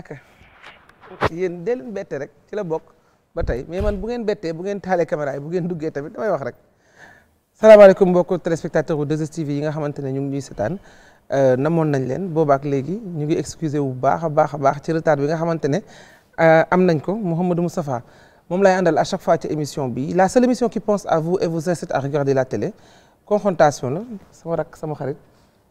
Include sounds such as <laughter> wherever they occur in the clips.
aka yéen dee leen bette rek ci la bokk ba tey mais man bu ngeen bettee bu ngeen taalee caméra yi bu ngeen duggee tamit damay wax rek salaamaaleykum mbokku téléspectateur u 2STV yi nga xamante ne ñu ngi ñuy setaan euh, namoon nañ leen boobaak léegi ñu ngi excusé wu baax a baax a baax ci retard bi nga xamante ne euh, am nañ ko Mouhamadou Moustapha moom lay àndal a chaque fois ci émission bi la seule émission qui pense à vous et vous incite à regarder la télé confrontation la sama rakk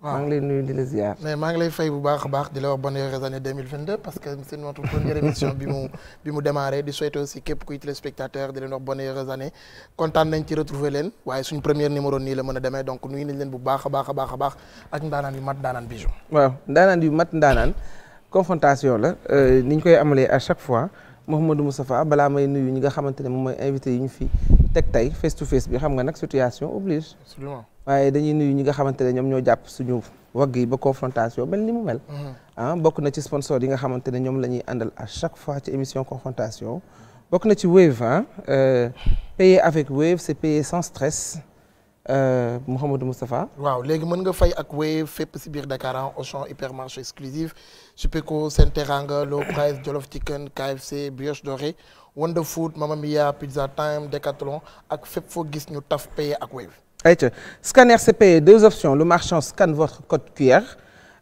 maa ngi lay nuyu di la ziar. mais maa ngi lay fay bu baax a baax di la wax bonne heureuse année 2022 parce que c'est notre première émission bi mu bi di souhaiter aussi képp kuy téléspectateur di leen wax bonne heureuse année kontaan nañ ci retrouver leen waaye suñ première numéro nii la mën a demee donc nuyu nañ leen bu baax a baax a baax a baax ak ndaanaan yu mat ndaanaan bijou waaw ndaanaan yu mat ndaanaan confrontation la euh, ni ñu koy amalee a chaque fois Mouhamadou Moustapha balaa may nuyu ñi nga moom mooy invité ñu fi teg tey face to face bi xam nga nag situation oblige. absolument waaye dañuy nuyu ñi nga xamante ne ñoom ñoo jàpp suñu wagg yi ba confrontation mel ni mu mel. Mhm. Ah, bokk na ci sponsor yi nga xamante ne ñoom la ñuy àndal à chaque fois ci émission confrontation. bokk na ci Wave ah euh, avec Wave c'est payer sans stress. Euh, Mouhamadou Moustapha. waaw léegi mën nga fay ak Wave fépp si biir Dakar Auchan hypermarché exclusif Supeco Sen Teranga Low Price Jollof Chicken KFC Brioche Dorée Wonder Food Mamma Mia Pizza Time Decathlon ak fépp foo gis ñu taf paye ak Wave. ayca scanner CPE deux options le marchand scanne votre code QR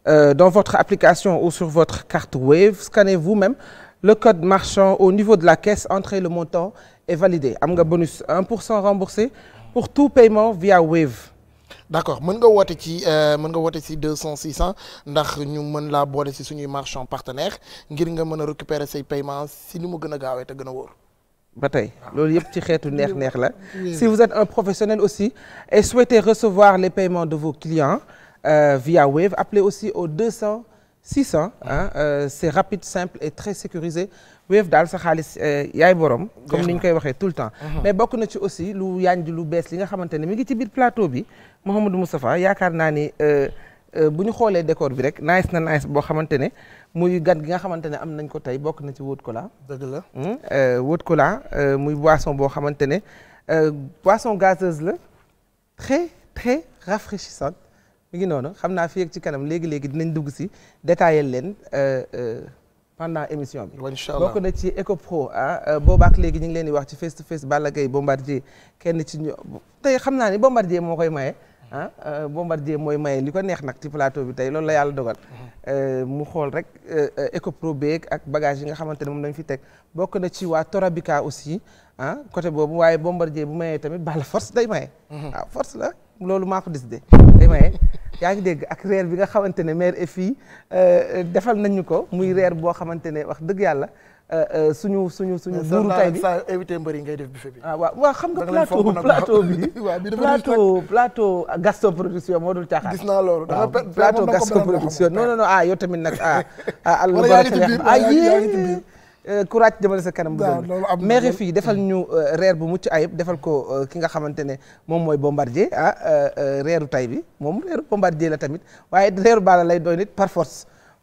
euh, dans votre application ou sur votre carte Wave scannez vous-même le code marchand au niveau de la caisse entrez le montant et validez am nga bonus 1 pour cent remboursé. pour tout paiement via Wave. d'accord mën nga woote ci euh, mën nga woote ci 200 600 ndax ñu mën laa boole ci suñuy marchand partenaires ngir nga mën a récupérer say paiements si ni mu gën a gaawee te gën a wóor. ba tey loolu yëpp ci xeetu neex-neex la si vous êtes un professionnel aussi et souhaitez recevoir les paiements de vos clients euh, via Wave appelez aussi au 200 600 hein, euh, c'est rapide simple et très sécurisé Wave daal sa xaalis euh, yaay borom. comme ni ñu koy waxee tout le temps. mais bokk na ci aussi lu yànj lu bees li nga xamante ne mi ngi ci biir plateau bi Mouhamadou Moustapha yaakaar naa ni euh, euh, bu ñu xoolee décor bi rek nice na nice boo xamante ne muy gan gi nga xamante ne am nañ ko tey bokk na ci wóot cola. dëgg la wóot cola muy boisson boo xamante ne boisson gazeuse la très très rafraîchissante mi ngi noonu xam naa fi yegg ci kanam léegi léegi dinañ dugg si détaillé leen. pendant émission bi bokk na ci Ecopro ah euh, boobaak léegi ñu leen di wax ci face to face Balla Gaye Bombardier kenn ci tey xam naa ni Bombardier moo koy maye ah euh, Bombardier mooy maye li ko neex nag ci plateau bi tey loolu la yàlla dogal mm-hmm. euh, mu xool rek Ecopro beeg ak bagage yi nga xamante ne moom lañ fi teg bokk na ci waa Torabika aussi ah côté boobu waaye Bombardier bu mayee tamit Balla force day maye mm-hmm. ah, force la loolu maa ko décidé day maye yaa ngi dégg ak reer bi nga xamante ne mère et fille defal nañu ko muy reer boo xamante ne wax dëgg yàlla euh, euh, suñu suñu suñu buuru tay bi saa invité mbëri ngay def buffet bi ah waaw waaw xam nga plateau plateau bi <laughs> plateau plateau Gaston production moo dul caaxaan gis naa loolu plateau Gaston production non non non ah yow tamit nag a ah albaraka ah, ah yé Euh, courage jëmale sa kanam. waaw loolu am na fii defal ñu euh, reer bu mucc ayib defal ko euh, ki nga xamante ne moom mooy bombardier ah reeru tay bi moom reeru bombardier la tamit waaye reeru baala lay doy nit par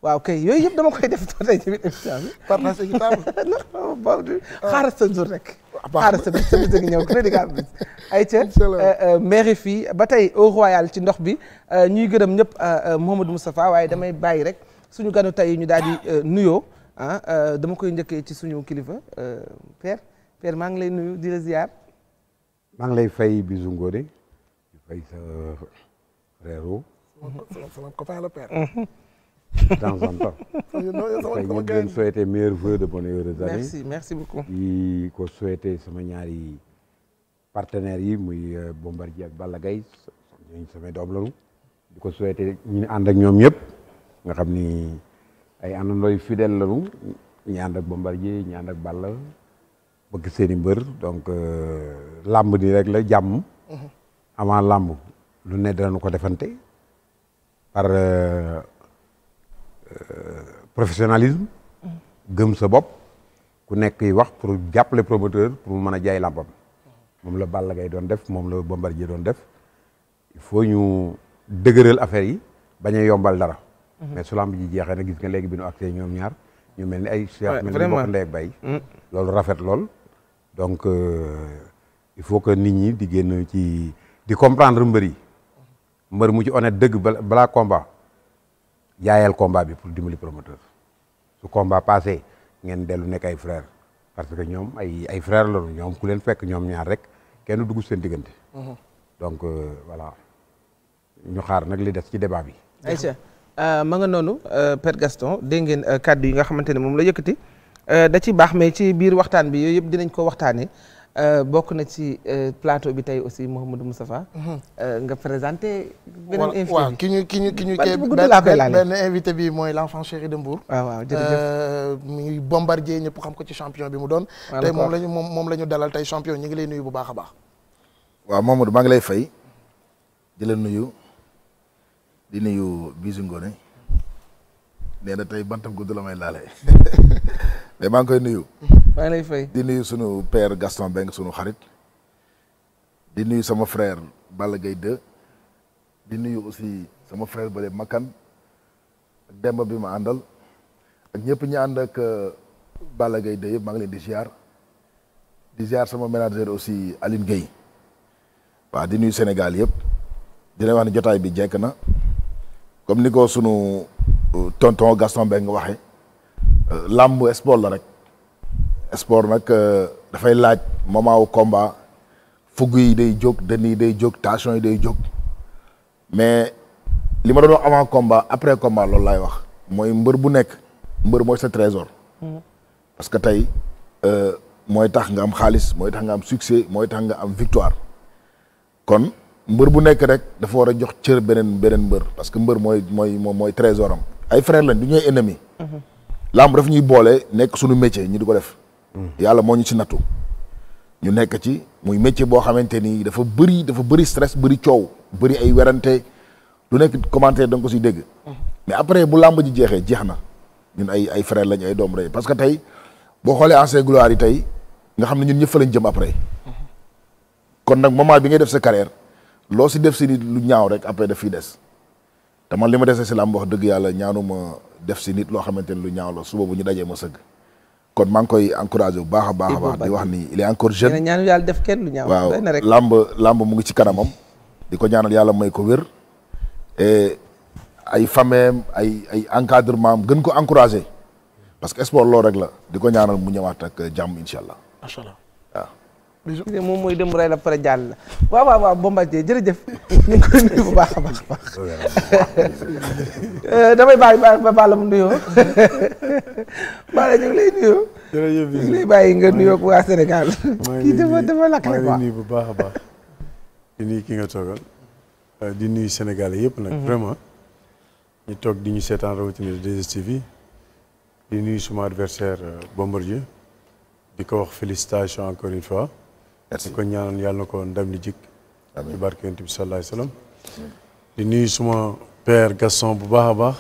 waaw kay yooyu yëpp dama koy def <laughs> tey tamit émission <laughs> ah. ah, bi. par la séquitable ndax xaaral fii ba tey au ci ndox bi ñuy gërëm ñëpp Mouhamadou Moustapha waaye damay bàyyi rek suñu ganu tey ñu daal di nuyoo. ah euh, dama koy njëkkee ci suñu kilifa euh, père père maa ngi lay nuyu di la ziar. maa ngi lay fay bisu ngóode di fay sa euh, réero. sama copain la père. Mhm. de temps en temps. dafay <laughs> ñu leen souhaiter meilleurs merci merci beaucoup. di ko souhaiter sama ñaari partenaires yi muy Bombardier ak Balla Gaye samay doom lañu. di ko souhaiter ñu ànd ak ñoom ñëpp nga xam ni. ay àndandoo yu fidèle lañu ñi ànd ak Bombardier ñu ànd ak Balla bëgg seeni mbër donc euh, làmb nii rek la jàmm. Mm-hmm. avant làmb lu ne danañu ko defante par euh, euh, professionnalisme. Mm-hmm. gëm sa bopp ku nekk yi wax pour jàppale promoteur pour mu mën a jaay làmbam. Mm-hmm. moom la Balla Gaye doon def moom la Bombardier doon def il faut ñu dëgëral affaire yi bañ a yombal dara. Mhm. mais su lamb ji jeexee na gis nga léegi bi ñu acté ñoom ñaar ñu me ni ay seex mel ni bokk ndey bay mm. loolu rafet lool donc euh, il faut que nit ñi di génn ci di comprendre mbër yi mbër mu ci one dëgg balaa combat yaayal combat bi pour dimbali promoteur su combat passé ngeen dellu nekk ay frère parce que ñoom ay ay frère lañu ñoom ku fekk ñoom ñaar rek kenn dugg seen diggante mhm. donc euh, voilà ñu xaar nag li des ci débat bi Euh, ma nga noonu euh, Père Gaston dégg ngeen euh, kàddu yi nga xamante ne moom la yëkkati da ci baax mais ci biir waxtaan bi yooyu yëpp dinañ ko waxtaanee bokk na ci plateau bi tey aussi Mouhamadou Moustapha mhm. nga présenté. beneen invité bi waaw ki ñu ki ñu ki ñu. benn invité bi mooy l' enfant chéri de Mbour. waaw bombardier ñëpp xam ko ci champion bi mu doon. tey moom la moom la ñu dalal tey champion ñu ngi lay nuyu bu baax a baax. waaw Mamadou maa ngi lay fay di la nuyu. di nuyu bisu ngoone nee na tey bantam gudd la may laale <laughs> mais maa ngi koy nuyu. maa ngi lay fay di nuyu sunu père Gaston Mbengue sunu xarit. di nuyu sama frère Balla Gaye 2 di nuyu aussi sama frère Bale Makan ak Demba bi ma àndal ak ñëpp ñi ànd ak euh, Balla Gaye 2 yëpp maa ngi leen di ziar di ziar sama manager aussi Aline Gueye waaw di nuyu Sénégal yëpp dina wax ne jotaay bi jekk na. comme ni ko sunu euh, tonton Gaston Mbengue nga waxee euh, làmb sport la rek sport nag euh, dafay laaj moment wu combat fugg yi day jóg dënn yi day jóg tension yi day jóg mais li ma doon wax avant combat après combat loolu laay wax mooy mbër bu nekk mbër mooy sa trésor mm. parce que tey mooy tax nga am xaalis mooy tax nga am succès mooy tax nga am victoire kon mbër bu nekk rek dafa war a jox cër beneen beneen mbër parce que mbër mooy mooy mooy trésor am ay frère lañ du ñooy ennemi. Mm-hmm. làmb dafa ñuy boole nekk suñu métier ñu di ko def. Mm-hmm. yàlla moo ñu ci nattu. ñu nekk ci muy métier boo xamante ni dafa bëri dafa bëri stress bëri coow bëri ay werante lu nekk commentaire da nga ko siy dégg. Mm-hmm. mais après bu làmb ji jeexee jeex na ñun ay ay frère lañ ay doom rey parce que tey boo xoolee ancienne gloire yi tey nga xam ne ñun ñëpp fa lañ jëm après. kon nag moment bi ngay def sa carrière. loo si def si nit lu ñaaw rek après da fiy des te li ma desee si làmb wax dëgg yàlla ñaanuma def si nit loo xamante ni lu ñaaw la suba bu ñu dajee ma sëgg kon maa ngi koy encouragé bu baax a baax a baax di wax ni il est encore jeune ñaanu yàlla def kenn lu ñaaw waaw làmb làmb mu ngi ci kanamam di ko ñaanal yàlla may ko wér et ay fameem ay ay encadrement am gën ko encouragé parce que sport loolu rek la di ko ñaanal mu ñëwaat ak jàmm incha allah moom mooy dem rey la pare jàll la waaw waaw waaw Bombardier jërëjëf <laughs> ñu ngi koy nuyu bu baax a baax baax <laughs> euh, damay bàyyi ba bàlla mu nuyoo <laughs> bàlla ñu ngi lay nuyoo jërëjëf ñu ngi lay bàyyi nga nuyoo waa Sénégal kii dafa dafa lakk la quoi bu baax a baax di nuyu ki nga toogal euh, yëpp nag mhm. vraiment ñu toog di ñu seetaan rawatina 2STV yi di nuyu suma adversaire euh, Bombardier ko wax félicitation encore merci ko ñaanal yàlla na ko ndam li jik ci barke yonent bi sallallahu alayhi wasallam di nuyu suma père Gaston bu baax a baax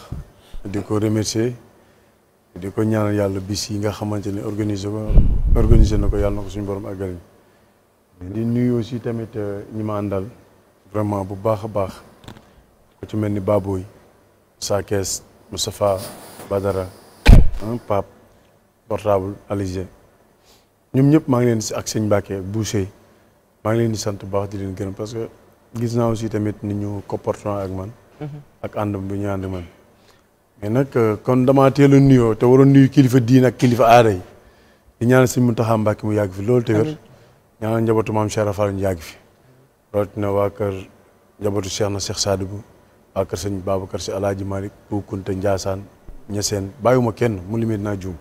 di ko remercier di ko ñaanal yàlla bis yi nga xamante ni organiser ko organiser na ko yàlla na ko suñu borom ak àggaliñ di nuy aussi tamit euh, ñu ma àndal vraiment bu baax a baax ku ci mel ni Baboy Sakes Moustapha Badara Pape portable Alizé ñoom ñëpp maa ngi leen si ak sëñ Mbacke Boucher maa ngi leen di sant bu baax di leen gërëm parce que gis naa aussi tamit ni ñu comportement ak man. Mhm. ak ànd bu ñu ànd man. mais nag euh, kon damaa teel a nuyoo te waroon nuyu kilifa diin ak kilifa aada yi di ñaanal sëñ Mountakha Mbacke mu yàgg fi loolu te wér. ñaanal njabootu maam Cheikh Rafal ñu yàgg fi. rawatina waa kër njabootu Cheikh na Cheikh Sadibou waa kër sëñ Babacar si Alaaji Malick Bu Kunta Njaasaan kenn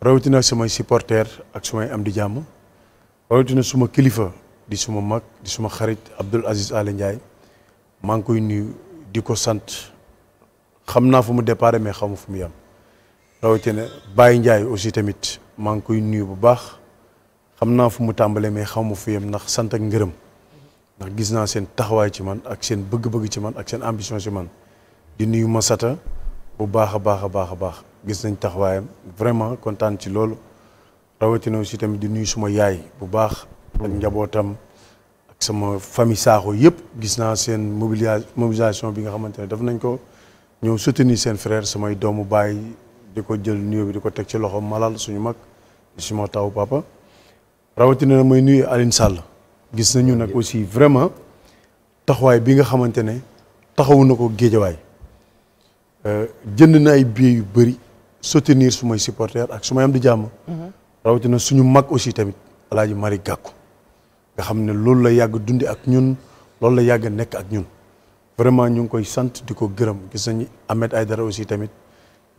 rawatina samay supporter ak sumay am di jàmm rawatina suma kilifa di suma mag di suma xarit Abdoul Aziz Aly Ndiaye maa ngi koy nuyu di ko sant xam naa fu mu départ mais xamu fu mu yam rawatina bàyyi Ndiaye aussi tamit maa ngi koy nuyu bu baax xam naa fu mu tàmbalee mais xamu fu yam ndax sant ak ngërëm ndax gis naa seen taxawaay ci man ak seen bëgg-bëgg ci man ak seen ambition ci man di nuyu ma Masata bu baax a baax a baax a baax gis nañ taxawaayam vraiment kontaan ci loolu rawatina aussi tamit di nuyu suma yaay bu baax. ak njabootam ak sama famille Sakho yëpp gis naa seen mobilisation bi nga xamante ne def nañ ko ñëw soutenir seen frère samay doomu baay di ko jël nuyoo bi di ko teg ci loxo malal suñu mag suma taw papa. rawatina na mooy nuyu Aline Sall gis nañu nag aussi vraiment taxawaay bi nga xamante ne taxawu na ko géejawaay. Euh, jënd na ay billets yu bëri soutenir su may supporter ak su may am di jàmm. Mm-hmm. rawatina suñu mag aussi tamit El mari Malick nga xam ne loolu la yàgg dundi ak ñun loolu la yàgg nekk ak ñun vraiment ñu ngi koy sant di ko gërëm gis nañu Ahmed Aïdara aussi tamit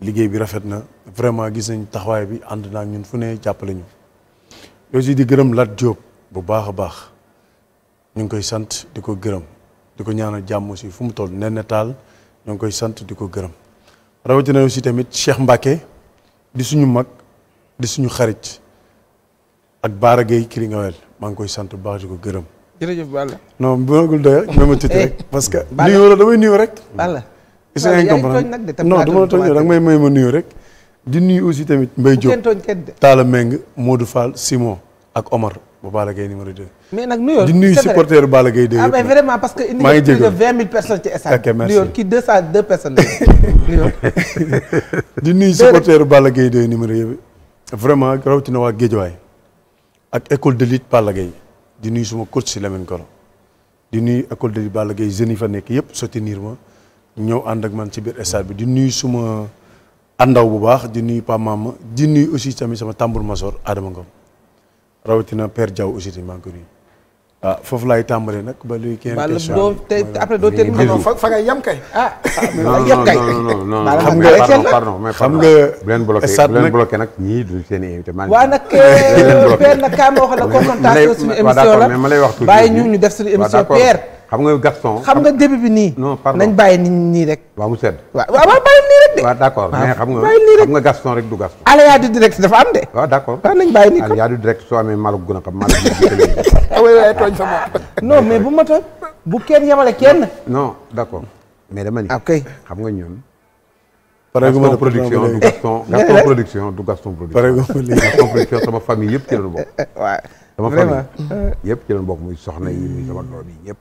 liggéey bi rafet na vraiment gis nañu taxawaay bi ànd naa ñun fu ne jàppale ñu. aussi di gërëm Lat Diop bu baax a baax ñu ngi koy sant di ko gërëm di ko ñaanal jàmm aussi fu mu toll nen na taal. ñoo ngi koy sant di ko gërëm rawatina aussi tamit Cheikh Mbacke di suñu mag di suñu xarit ak Baara Gueye Kiringawel maa ngi koy sant bu baax di ko gërëm. jërëjëf Balla. non bu doyul doyul rek ma tuuti rek. Eh, parce que nuyoo damay nuyu rek. Balla is na nag de non dama la tooñ rek may may ma nuyu rek. di nuyu aussi tamit Mbaye Diop Talla Meng Modou Fall Simon ak Omar. bu Balla Gaye numéro 2. nag di nuyu supporter Balla Gaye 2 ah, yëpp ah mais vraiment parce que. maa ngi jégalu indi nga plus de vingt mille personnes ci stade. <laughs> <laughs> Balla Gaye 2 numéro yëpp. vraiment rawatina waa Géejawaay ak école de lutte Balla Gaye di nuy suma coach si Lamine Koro di nuy école de lutte Balla Gaye yi fa nekk yëpp soutenir ma ñëw ànd ak man si biir stade bi di nuyu suma àndaw bu baax di nuyu Pamama di nuyu aussi tamit sama tambour masor Adama Ngom. rawatina Père Diaw aussi maa ngi ko nuyu. ah foofu laay tàmbalee nag ba luy. kenn question doo te après doo teel fa nga yam kay. ah yam kay non non xam nga du seen invité. waaw nag <laughs> euh, Père nag ma wax la confrontation suñu émission la. mais ma lay wax tuuti bàyyi ñu ñu def suñu émission Père. xam nga Gaston. xam nga début bi nii. non pardon nañ bàyyi ni ni rek. waaw mu waa waaw waaw bàyyi rek de. waaw d' accord xam nga xam nga Gaston rek du Gaston. aléa du direct dafa de. waaw d' accord waaw nañ bàyyi nii kon aléa du direct soo amee Malouk gën a xam Malouk gën sa bopp. non bu ma ta bu kenn yemale kenn. non d' accord mais dama ni. ok xam nga ñoom. Gaston production du Gaston Gaston production du Gaston production. Gaston production sama famille yëpp ci lañu bokk. waaw sama famille yëpp ci lañu bokk muy soxna yi muy sama ñëpp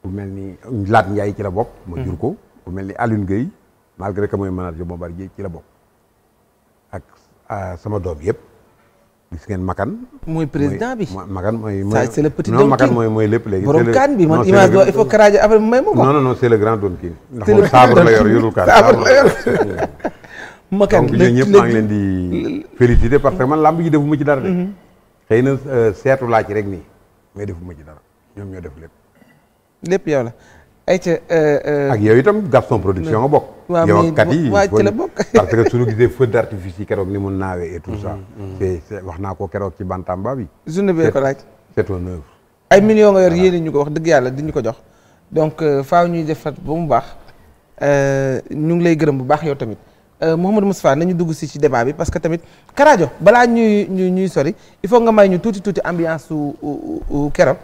ku mel ni Laat Ndiaye ci la bokk. ma jur ko ku hmm. mel ni Alioune Gueye malgré que mooy manager Bombardier ci la bokk ak ah, sama doom yëpp gis ngeen Makan. mooy président bi mooy. mooy c'est le petit Don mooy mooy lépp léegi. borom kaan bi man image boobu il faut karaaje après mu ma ko. ndax moom sabre yor yorul kaan sabre la yor. <laughs> maa ngi leen di féliciter parce que man làmb ji defuma ci dara de. Mm-hmm. xëy na euh, seetu laa ci rek nii mais defuma ci dara ñoom ñoo def lépp. lépp yow la ay ayca. Euh, euh, ak yi itam Gaston production nga bokk. yow ak kat yi ci la bokk <laughs> parce que suñu gisee feu d'artifice yi keroog ni mu naawee et mm-hmm, mm-hmm. naa ko ci Bantamba bi. journée bee ko ay millions nga yor yéene ñu ko wax dëgg yàlla di ñu ko jox donc euh, faaw ñuy def fa ba mu baax ñu ngi lay gërëm bu baax yow tamit. Mouhamadou Moustapha nañu dugg si ci débat bi parce que tamit Karajo balaa ñuy ñuy ñuy sori il faut nga may ñu tuuti tuuti ambiance su keroog.